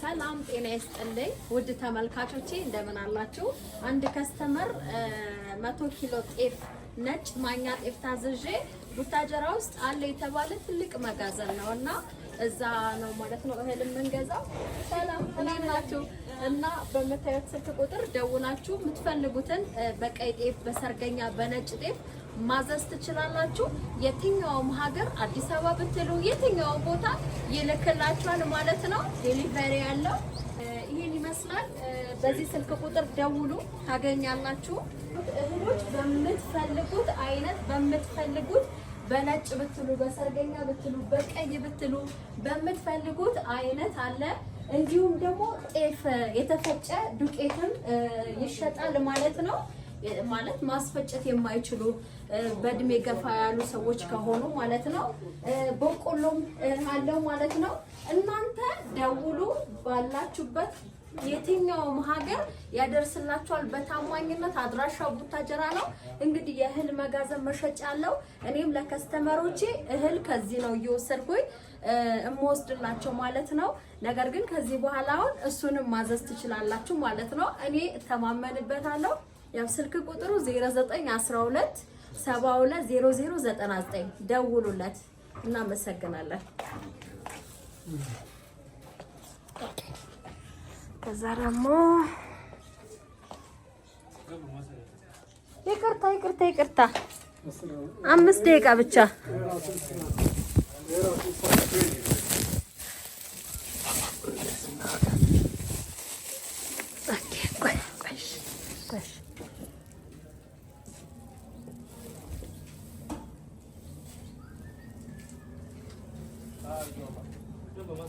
ሰላም ጤና ይስጥልኝ ውድ ተመልካቾቼ እንደምን አላችሁ? አንድ ከስተመር መቶ ኪሎ ጤፍ ነጭ ማኛ ጤፍ ታዝዤ ቡታጀራ ውስጥ አለ የተባለ ትልቅ መጋዘን ነው እና እዛ ነው ማለት ነው እህል የምንገዛው። ሰላም እንዴት ናችሁ? እና በምታዩት ስልክ ቁጥር ደውላችሁ የምትፈልጉትን በቀይ ጤፍ፣ በሰርገኛ፣ በነጭ ጤፍ ማዘዝ ትችላላችሁ። የትኛውም ሀገር አዲስ አበባ ብትሉ የትኛውም ቦታ ይልክላችኋል ማለት ነው። ዴሊቨሪ ያለው ይህን ይመስላል። በዚህ ስልክ ቁጥር ደውሉ ታገኛላችሁ። እህሎች በምትፈልጉት አይነት በምትፈልጉት በነጭ ብትሉ፣ በሰርገኛ ብትሉ፣ በቀይ ብትሉ በምትፈልጉት አይነት አለ። እንዲሁም ደግሞ ጤፍ የተፈጨ ዱቄትም ይሸጣል ማለት ነው። ማለት ማስፈጨት የማይችሉ በእድሜ ገፋ ያሉ ሰዎች ከሆኑ ማለት ነው። በቆሎም አለው ማለት ነው። እናንተ ደውሉ ባላችሁበት የትኛውም ሀገር ያደርስላችኋል በታማኝነት አድራሻው ቡታጀራ ነው። እንግዲህ የእህል መጋዘን መሸጫ አለው። እኔም ለከስተመሮቼ እህል ከዚህ ነው እየወሰድኩኝ እምወስድላቸው ማለት ነው። ነገር ግን ከዚህ በኋላ አሁን እሱንም ማዘዝ ትችላላችሁ ማለት ነው። እኔ እተማመንበታለሁ። ያው ስልክ ቁጥሩ 0912 720099 ደውሉለት። እናመሰግናለን። ከዛ ደግሞ ይቅርታ ይቅርታ ይቅርታ አምስት ደቂቃ ብቻ ኦኬ 这个嘛。